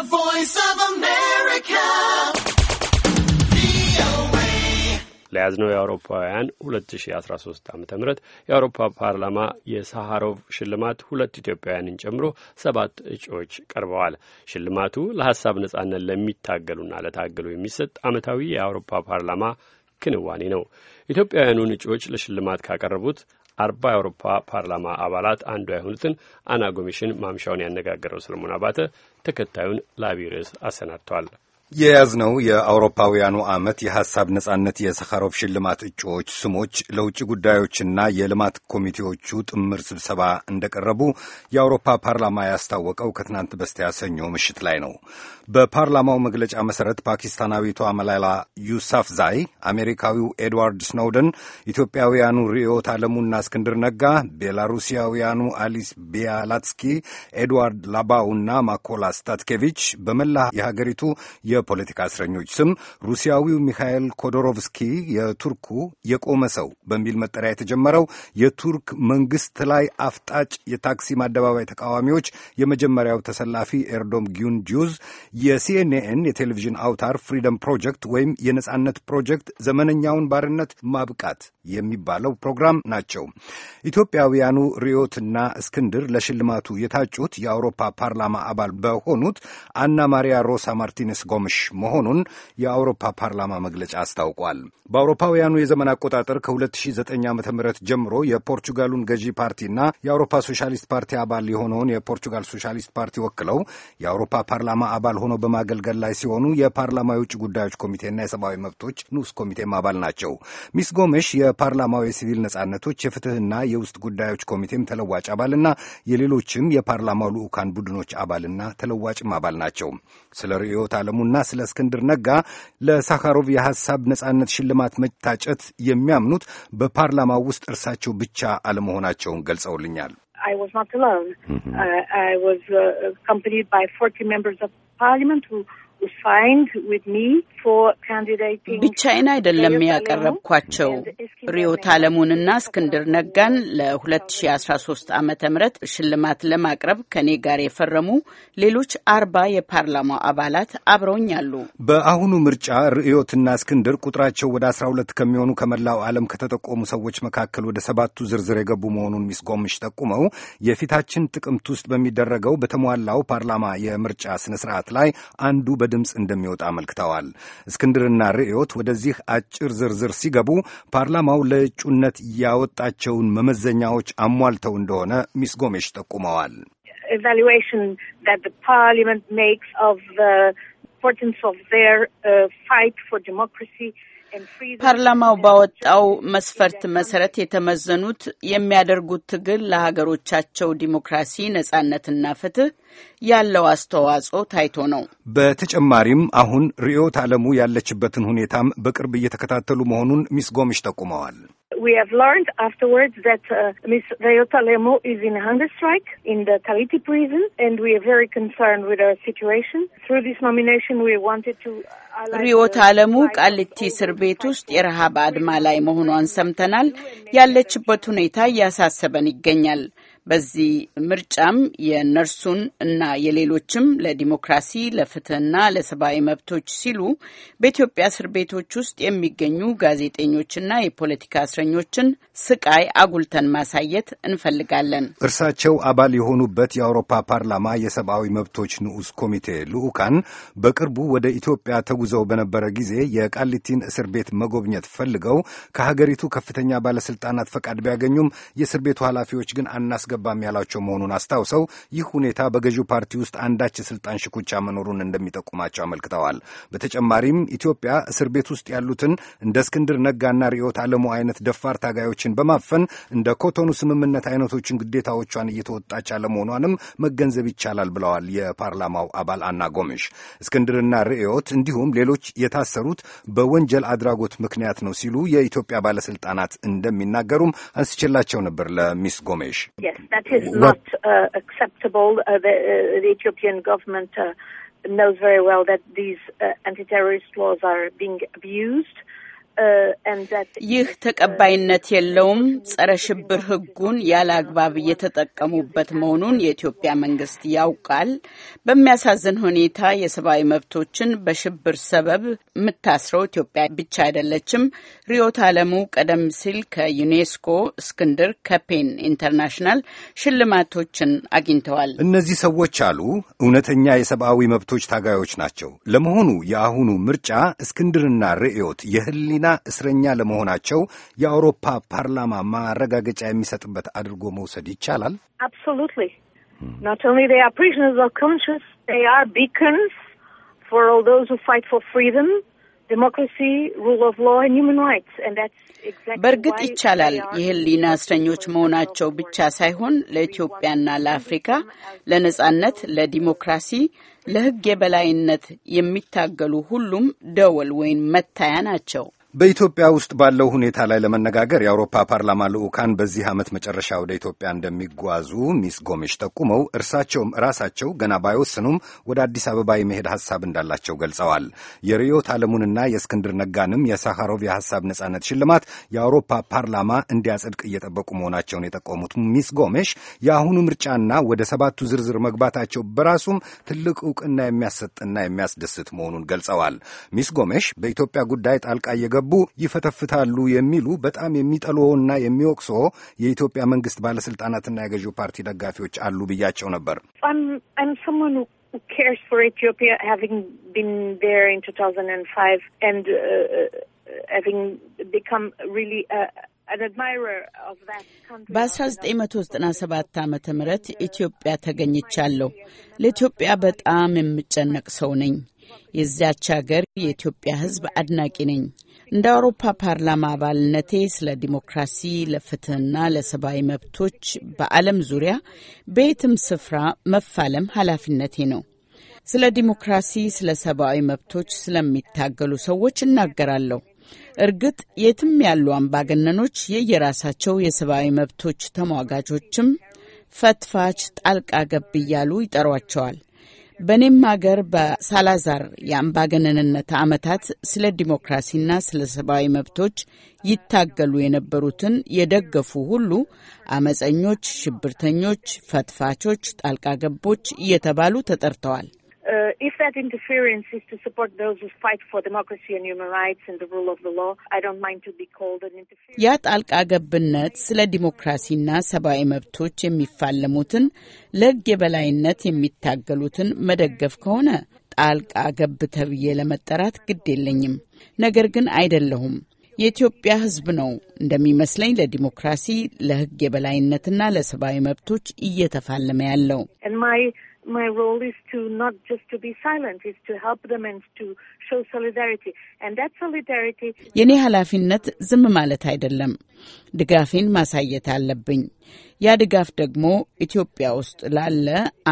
The Voice of America. ለያዝነው የአውሮፓውያን 2013 ዓ ም የአውሮፓ ፓርላማ የሳሃሮቭ ሽልማት ሁለት ኢትዮጵያውያንን ጨምሮ ሰባት እጩዎች ቀርበዋል። ሽልማቱ ለሀሳብ ነጻነት ለሚታገሉና ለታገሉ የሚሰጥ ዓመታዊ የአውሮፓ ፓርላማ ክንዋኔ ነው። ኢትዮጵያውያኑን እጩዎች ለሽልማት ካቀረቡት አርባ የአውሮፓ ፓርላማ አባላት አንዷ የሆኑትን አና ጎሚሽን ማምሻውን ያነጋገረው ሰለሞን አባተ ተከታዩን ለአብይ ርዕስ አሰናድተዋል። የያዝነው የአውሮፓውያኑ ዓመት የሐሳብ ነጻነት የሰኻሮቭ ሽልማት እጩዎች ስሞች ለውጭ ጉዳዮችና የልማት ኮሚቴዎቹ ጥምር ስብሰባ እንደቀረቡ የአውሮፓ ፓርላማ ያስታወቀው ከትናንት በስቲያ ሰኞ ምሽት ላይ ነው። በፓርላማው መግለጫ መሠረት ፓኪስታናዊቷ መላላ ዛይ አሜሪካዊው ኤድዋርድ ስኖውደን፣ ኢትዮጵያውያኑ ርዕዮት ዓለሙና እስክንድር ነጋ፣ ቤላሩሲያውያኑ አሊስ ቢያላትስኪ፣ ኤድዋርድ ላባውና ማኮላ ስታትኬቪች በመላ የሀገሪቱ የፖለቲካ እስረኞች ስም ሩሲያዊው ሚካኤል ኮዶሮቭስኪ የቱርኩ የቆመ ሰው በሚል መጠሪያ የተጀመረው የቱርክ መንግስት ላይ አፍጣጭ የታክሲም አደባባይ ተቃዋሚዎች የመጀመሪያው ተሰላፊ ኤርዶም ጊዩንጁዝ የሲኤንኤን የቴሌቪዥን አውታር ፍሪደም ፕሮጀክት ወይም የነጻነት ፕሮጀክት ዘመነኛውን ባርነት ማብቃት የሚባለው ፕሮግራም ናቸው። ኢትዮጵያውያኑ ሪዮትና እስክንድር ለሽልማቱ የታጩት የአውሮፓ ፓርላማ አባል በሆኑት አና ማሪያ ሮሳ ማርቲኔስ ጎሜ የሚያመሽ መሆኑን የአውሮፓ ፓርላማ መግለጫ አስታውቋል። በአውሮፓውያኑ የዘመን አቆጣጠር ከ2009 ዓ ም ጀምሮ የፖርቹጋሉን ገዢ ፓርቲና የአውሮፓ ሶሻሊስት ፓርቲ አባል የሆነውን የፖርቹጋል ሶሻሊስት ፓርቲ ወክለው የአውሮፓ ፓርላማ አባል ሆነው በማገልገል ላይ ሲሆኑ የፓርላማ የውጭ ጉዳዮች ኮሚቴና የሰብአዊ መብቶች ንዑስ ኮሚቴም አባል ናቸው። ሚስ ጎሜሽ የፓርላማው የሲቪል ነጻነቶች የፍትህና የውስጥ ጉዳዮች ኮሚቴም ተለዋጭ አባልና የሌሎችም የፓርላማው ልዑካን ቡድኖች አባልና ተለዋጭም አባል ናቸው። ስለ ርዕዮተ ዓለሙና ስለ እስክንድር ነጋ ለሳካሮቭ የሐሳብ ነጻነት ሽልማት መታጨት የሚያምኑት በፓርላማ ውስጥ እርሳቸው ብቻ አለመሆናቸውን ገልጸውልኛል። ብቻዬን አይደለም ያቀረብኳቸው። ሪዮት አለሙንና እስክንድር ነጋን ለ2013 ዓ ም ሽልማት ለማቅረብ ከኔ ጋር የፈረሙ ሌሎች አርባ የፓርላማው አባላት አብረውኝ አሉ። በአሁኑ ምርጫ ርዕዮትና እስክንድር ቁጥራቸው ወደ 12 ከሚሆኑ ከመላው ዓለም ከተጠቆሙ ሰዎች መካከል ወደ ሰባቱ ዝርዝር የገቡ መሆኑን ሚስ ጎምሽ ጠቁመው የፊታችን ጥቅምት ውስጥ በሚደረገው በተሟላው ፓርላማ የምርጫ ስነ ስርዓት ላይ አንዱ በድምፅ እንደሚወጣ አመልክተዋል። እስክንድርና ርዕዮት ወደዚህ አጭር ዝርዝር ሲገቡ ፓርላማው ለእጩነት ያወጣቸውን መመዘኛዎች አሟልተው እንደሆነ ሚስ ጎሜሽ ጠቁመዋል። ፓርላማው ባወጣው መስፈርት መሰረት የተመዘኑት የሚያደርጉት ትግል ለሀገሮቻቸው ዲሞክራሲ ነጻነትና ፍትህ ያለው አስተዋጽኦ ታይቶ ነው። በተጨማሪም አሁን ርዕዮት ዓለሙ ያለችበትን ሁኔታም በቅርብ እየተከታተሉ መሆኑን ሚስ ጎምሽ ጠቁመዋል። We have learned afterwards that uh, Ms. Rayota Lemo is in hunger strike in the Kaliti prison, and we are very concerned with her situation. Through this nomination, we wanted to. ሪዮት አለሙ ቃሊቲ እስር ቤት ውስጥ የረሃብ አድማ ላይ መሆኗን ሰምተናል። ያለችበት ሁኔታ እያሳሰበን ይገኛል። በዚህ ምርጫም የነርሱን እና የሌሎችም ለዲሞክራሲ ለፍትህና ለሰብአዊ መብቶች ሲሉ በኢትዮጵያ እስር ቤቶች ውስጥ የሚገኙ ጋዜጠኞችና የፖለቲካ እስረኞችን ስቃይ አጉልተን ማሳየት እንፈልጋለን። እርሳቸው አባል የሆኑበት የአውሮፓ ፓርላማ የሰብአዊ መብቶች ንዑስ ኮሚቴ ልዑካን በቅርቡ ወደ ኢትዮጵያ ተጉዘው በነበረ ጊዜ የቃሊቲን እስር ቤት መጎብኘት ፈልገው ከሀገሪቱ ከፍተኛ ባለስልጣናት ፈቃድ ቢያገኙም የእስር ቤቱ ኃላፊዎች ግን አናስገ አይገባም ያላቸው መሆኑን አስታውሰው ይህ ሁኔታ በገዢው ፓርቲ ውስጥ አንዳች የስልጣን ሽኩቻ መኖሩን እንደሚጠቁማቸው አመልክተዋል። በተጨማሪም ኢትዮጵያ እስር ቤት ውስጥ ያሉትን እንደ እስክንድር ነጋና ርዕዮት ዓለሙ አይነት ደፋር ታጋዮችን በማፈን እንደ ኮቶኑ ስምምነት አይነቶችን ግዴታዎቿን እየተወጣች አለመሆኗንም መገንዘብ ይቻላል ብለዋል። የፓርላማው አባል አና ጎምሽ እስክንድርና ርዕዮት እንዲሁም ሌሎች የታሰሩት በወንጀል አድራጎት ምክንያት ነው ሲሉ የኢትዮጵያ ባለስልጣናት እንደሚናገሩም አንስችላቸው ነበር ለሚስ ጎሜሽ። that is not uh, acceptable. Uh, the, uh, the, Ethiopian government uh, knows very well that these anti-terrorist laws are being abused. ይህ ተቀባይነት የለውም፣ ጸረ ሽብር ህጉን ያለ አግባብ እየተጠቀሙበት መሆኑን የኢትዮጵያ መንግስት ያውቃል። በሚያሳዝን ሁኔታ የሰብአዊ መብቶችን በሽብር ሰበብ የምታስረው ኢትዮጵያ ብቻ አይደለችም። ሪዮት አለሙ ቀደም ሲል ከዩኔስኮ እስክንድር ከፔን ኢንተርናሽናል ሽልማቶችን አግኝተዋል። እነዚህ ሰዎች አሉ እውነተኛ የሰብአዊ መብቶች ታጋዮች ናቸው። ለመሆኑ የአሁኑ ምርጫ እስክንድርና ርዕዮት የህሊና እስረኛ ለመሆናቸው የአውሮፓ ፓርላማ ማረጋገጫ የሚሰጥበት አድርጎ መውሰድ ይቻላል። በእርግጥ ይቻላል። የህሊና እስረኞች መሆናቸው ብቻ ሳይሆን ለኢትዮጵያና ለአፍሪካ ለነጻነት፣ ለዲሞክራሲ፣ ለህግ የበላይነት የሚታገሉ ሁሉም ደወል ወይም መታያ ናቸው። በኢትዮጵያ ውስጥ ባለው ሁኔታ ላይ ለመነጋገር የአውሮፓ ፓርላማ ልዑካን በዚህ ዓመት መጨረሻ ወደ ኢትዮጵያ እንደሚጓዙ ሚስ ጎሜሽ ጠቁመው እርሳቸውም ራሳቸው ገና ባይወስኑም ወደ አዲስ አበባ የመሄድ ሐሳብ እንዳላቸው ገልጸዋል። የርዕዮት ዓለሙንና የእስክንድር ነጋንም የሳኻሮቭ የሐሳብ ነጻነት ሽልማት የአውሮፓ ፓርላማ እንዲያጸድቅ እየጠበቁ መሆናቸውን የጠቆሙት ሚስ ጎሜሽ የአሁኑ ምርጫና ወደ ሰባቱ ዝርዝር መግባታቸው በራሱም ትልቅ እውቅና የሚያሰጥና የሚያስደስት መሆኑን ገልጸዋል። ሚስ ጎሜሽ በኢትዮጵያ ጉዳይ ጣልቃ ካልገቡ ይፈተፍታሉ የሚሉ በጣም የሚጠልዎና የሚወቅሶ የኢትዮጵያ መንግስት ባለስልጣናትና የገዢው ፓርቲ ደጋፊዎች አሉ ብያቸው ነበር። በ1997 ዓ ም ኢትዮጵያ ተገኝቻለሁ። ለኢትዮጵያ በጣም የምጨነቅ ሰው ነኝ። የዚያች ሀገር የኢትዮጵያ ሕዝብ አድናቂ ነኝ። እንደ አውሮፓ ፓርላማ አባልነቴ ስለ ዲሞክራሲ፣ ለፍትህና ለሰብአዊ መብቶች በዓለም ዙሪያ በየትም ስፍራ መፋለም ኃላፊነቴ ነው። ስለ ዲሞክራሲ፣ ስለ ሰብአዊ መብቶች ስለሚታገሉ ሰዎች እናገራለሁ። እርግጥ የትም ያሉ አምባገነኖች የየራሳቸው የሰብአዊ መብቶች ተሟጋቾችም ፈትፋች፣ ጣልቃ ገብ እያሉ ይጠሯቸዋል። በእኔም ሀገር በሳላዛር የአምባገነንነት ዓመታት ስለ ዲሞክራሲና ስለ ሰብአዊ መብቶች ይታገሉ የነበሩትን የደገፉ ሁሉ አመፀኞች፣ ሽብርተኞች፣ ፈትፋቾች፣ ጣልቃ ገቦች እየተባሉ ተጠርተዋል። ያ ጣልቃ ገብነት ስለ ዲሞክራሲና ሰብአዊ መብቶች የሚፋለሙትን ለሕግ የበላይነት የሚታገሉትን መደገፍ ከሆነ ጣልቃ ገብ ተብዬ ለመጠራት ግድ የለኝም። ነገር ግን አይደለሁም። የኢትዮጵያ ሕዝብ ነው እንደሚመስለኝ ለዲሞክራሲ፣ ለሕግ የበላይነትና ለሰብአዊ መብቶች እየተፋለመ ያለው my role is to not just to be silent, is to help them and to show solidarity. And that solidarity የኔ ኃላፊነት ዝም ማለት አይደለም። ድጋፌን ማሳየት አለብኝ። ያ ድጋፍ ደግሞ ኢትዮጵያ ውስጥ ላለ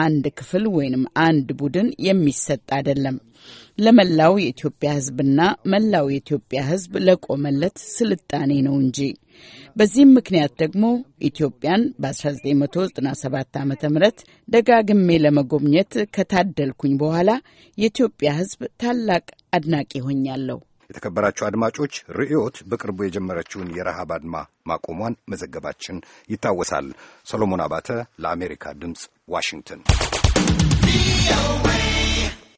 አንድ ክፍል ወይንም አንድ ቡድን የሚሰጥ አይደለም። ለመላው የኢትዮጵያ ሕዝብና መላው የኢትዮጵያ ሕዝብ ለቆመለት ስልጣኔ ነው እንጂ በዚህም ምክንያት ደግሞ ኢትዮጵያን በ1997 ዓ ም ደጋግሜ ለመጎብኘት ከታደልኩኝ በኋላ የኢትዮጵያ ሕዝብ ታላቅ አድናቂ ሆኛለሁ። የተከበራችሁ አድማጮች፣ ርዕዮት በቅርቡ የጀመረችውን የረሃብ አድማ ማቆሟን መዘገባችን ይታወሳል። ሰሎሞን አባተ ለአሜሪካ ድምፅ ዋሽንግተን